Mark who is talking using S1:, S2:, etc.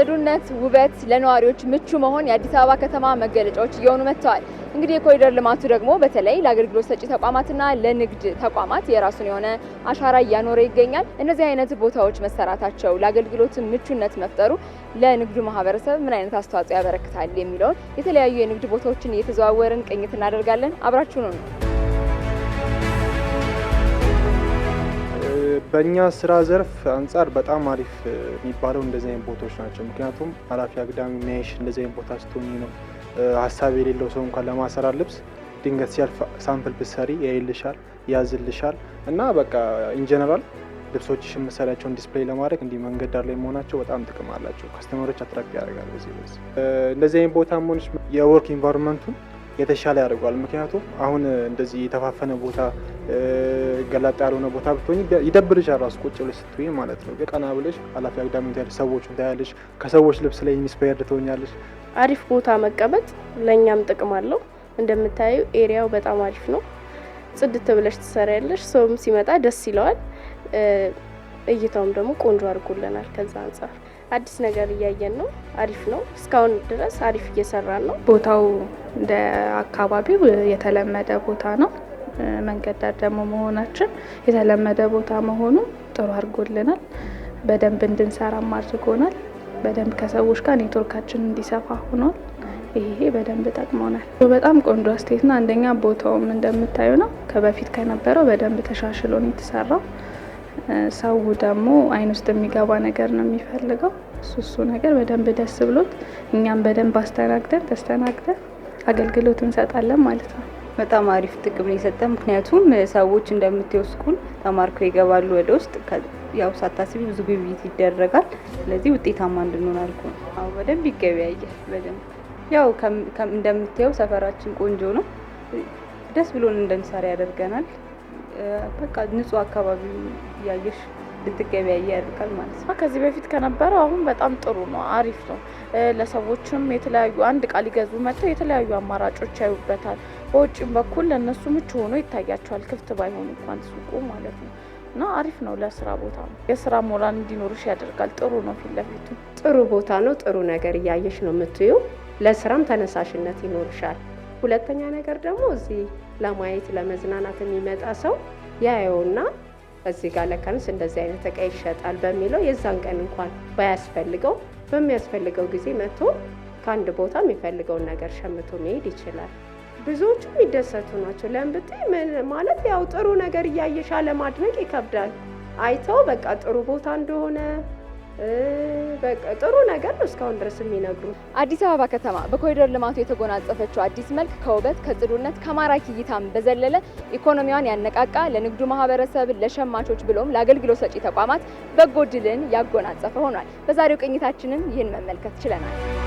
S1: ጽዱነት፣ ውበት፣ ለነዋሪዎች ምቹ መሆን የአዲስ አበባ ከተማ መገለጫዎች እየሆኑ መጥተዋል። እንግዲህ የኮሪደር ልማቱ ደግሞ በተለይ ለአገልግሎት ሰጪ ተቋማትና ለንግድ ተቋማት የራሱን የሆነ አሻራ እያኖረ ይገኛል። እነዚህ አይነት ቦታዎች መሰራታቸው ለአገልግሎት ምቹነት መፍጠሩ ለንግዱ ማህበረሰብ ምን አይነት አስተዋጽኦ ያበረክታል የሚለውን የተለያዩ የንግድ ቦታዎችን እየተዘዋወርን ቅኝት እናደርጋለን። አብራችሁ ነው።
S2: በእኛ ስራ ዘርፍ አንጻር በጣም አሪፍ የሚባለው እንደዚህ አይነት ቦታዎች ናቸው። ምክንያቱም ኃላፊ አግዳሚ የሚያይሽ እንደዚህ አይነት ቦታ ስትሆኝ ነው። ሀሳብ የሌለው ሰው እንኳን ለማሰራት ልብስ ድንገት ሲያልፍ ሳምፕል ብሰሪ ያይልሻል፣ ያዝልሻል እና በቃ ኢንጀነራል ልብሶችሽን መሰሪያቸውን ዲስፕሌይ ለማድረግ እንዲህ መንገድ ዳር ላይ መሆናቸው በጣም ጥቅም አላቸው። ከስተመሮች አትራክት ያደርጋል። በዚህ በዚህ እንደዚህ አይነት ቦታ መሆንሽ የወርክ ኢንቫይሮንመንቱን የተሻለ ያደርጓል። ምክንያቱም አሁን እንደዚህ የተፋፈነ ቦታ ገላጣ ያልሆነ ቦታ ብትሆኝ ይደብርሻል። ራሱ ቁጭ ብለሽ ስትሆኝ ማለት ነው። ቀና ብለሽ አላፊ አግዳሚ ታያለሽ፣ ሰዎች ታያለሽ፣ ከሰዎች ልብስ ላይ ኢንስፓየርድ ትሆኛለሽ።
S3: አሪፍ ቦታ መቀመጥ ለእኛም ጥቅም አለው። እንደምታዩ ኤሪያው በጣም አሪፍ ነው። ጽድት ብለሽ ትሰሪያለሽ። ሰውም ሲመጣ ደስ ይለዋል። እይታውም ደግሞ ቆንጆ አድርጎልናል። ከዛ አንጻር አዲስ ነገር እያየን ነው። አሪፍ ነው። እስካሁን ድረስ አሪፍ እየሰራን ነው።
S4: ቦታው እንደ አካባቢው የተለመደ ቦታ ነው። መንገድ ዳር ደግሞ መሆናችን የተለመደ ቦታ መሆኑ ጥሩ አድርጎልናል። በደንብ እንድንሰራም አድርጎናል። በደንብ ከሰዎች ጋር ኔትወርካችን እንዲሰፋ ሆኗል። ይሄ በደንብ ጠቅሞናል። በጣም ቆንጆ አስቴትና አንደኛ ቦታውም እንደምታዩ ነው። ከበፊት ከነበረው በደንብ ተሻሽሎ ነው የተሰራው። ሰው ደግሞ አይን ውስጥ የሚገባ ነገር ነው የሚፈልገው። እሱ እሱ ነገር በደንብ ደስ ብሎት እኛም በደንብ አስተናግደን ተስተናግደን አገልግሎት እንሰጣለን ማለት ነው።
S5: በጣም አሪፍ ጥቅም የሰጠ ምክንያቱም ሰዎች እንደምትወስኩን ተማርከው ይገባሉ ወደ ውስጥ ያው ሳታስቢ ብዙ ግብይት ይደረጋል። ስለዚህ ውጤታማ እንድንሆን አልኩ ነው። አዎ በደንብ ይገበያያል። በደንብ ያው እንደምታየው ሰፈራችን ቆንጆ ነው። ደስ ብሎን እንደሚሰራ ያደርገናል። በቃ ንጹህ አካባቢ እያየሽ ልትገበያይ ያደርጋል ማለት
S6: ነው። ከዚህ በፊት ከነበረው አሁን በጣም ጥሩ ነው፣ አሪፍ ነው። ለሰዎችም የተለያዩ አንድ ቃል ሊገዙ መጥተው የተለያዩ አማራጮች ያዩበታል። በውጭም በኩል ለእነሱ ምቹ ሆኖ ይታያቸዋል፣ ክፍት ባይሆኑ እንኳን ሱቁ ማለት ነው። እና አሪፍ ነው፣ ለስራ ቦታ ነው። የስራ ሞራል እንዲኖርሽ ያደርጋል። ጥሩ ነው። ፊት ለፊቱ
S7: ጥሩ ቦታ ነው። ጥሩ ነገር እያየሽ ነው የምትዩ። ለስራም ተነሳሽነት ይኖርሻል። ሁለተኛ ነገር ደግሞ እዚህ ለማየት ለመዝናናት የሚመጣ ሰው ያየውና እዚህ ጋር ለካንስ እንደዚህ አይነት እቃ ይሸጣል በሚለው የዛን ቀን እንኳን ባያስፈልገው በሚያስፈልገው ጊዜ መጥቶ ከአንድ ቦታ የሚፈልገውን ነገር ሸምቶ መሄድ ይችላል።
S8: ብዙዎቹ የሚደሰቱ ናቸው። ለምብት ማለት ያው ጥሩ ነገር እያየሻ አለማድነቅ ይከብዳል። አይተው በቃ ጥሩ ቦታ እንደሆነ በቃ ጥሩ ነገር ነው እስካሁን ድረስ የሚነግሩ።
S1: አዲስ አበባ ከተማ በኮሪደር ልማቱ የተጎናጸፈችው አዲስ መልክ ከውበት ከጽዱነት ከማራኪ እይታም በዘለለ ኢኮኖሚዋን ያነቃቃ ለንግዱ ማህበረሰብ፣ ለሸማቾች ብሎም ለአገልግሎት ሰጪ ተቋማት በጎ ድልን ያጎናጸፈ ሆኗል። በዛሬው ቅኝታችንም ይህን መመልከት ችለናል።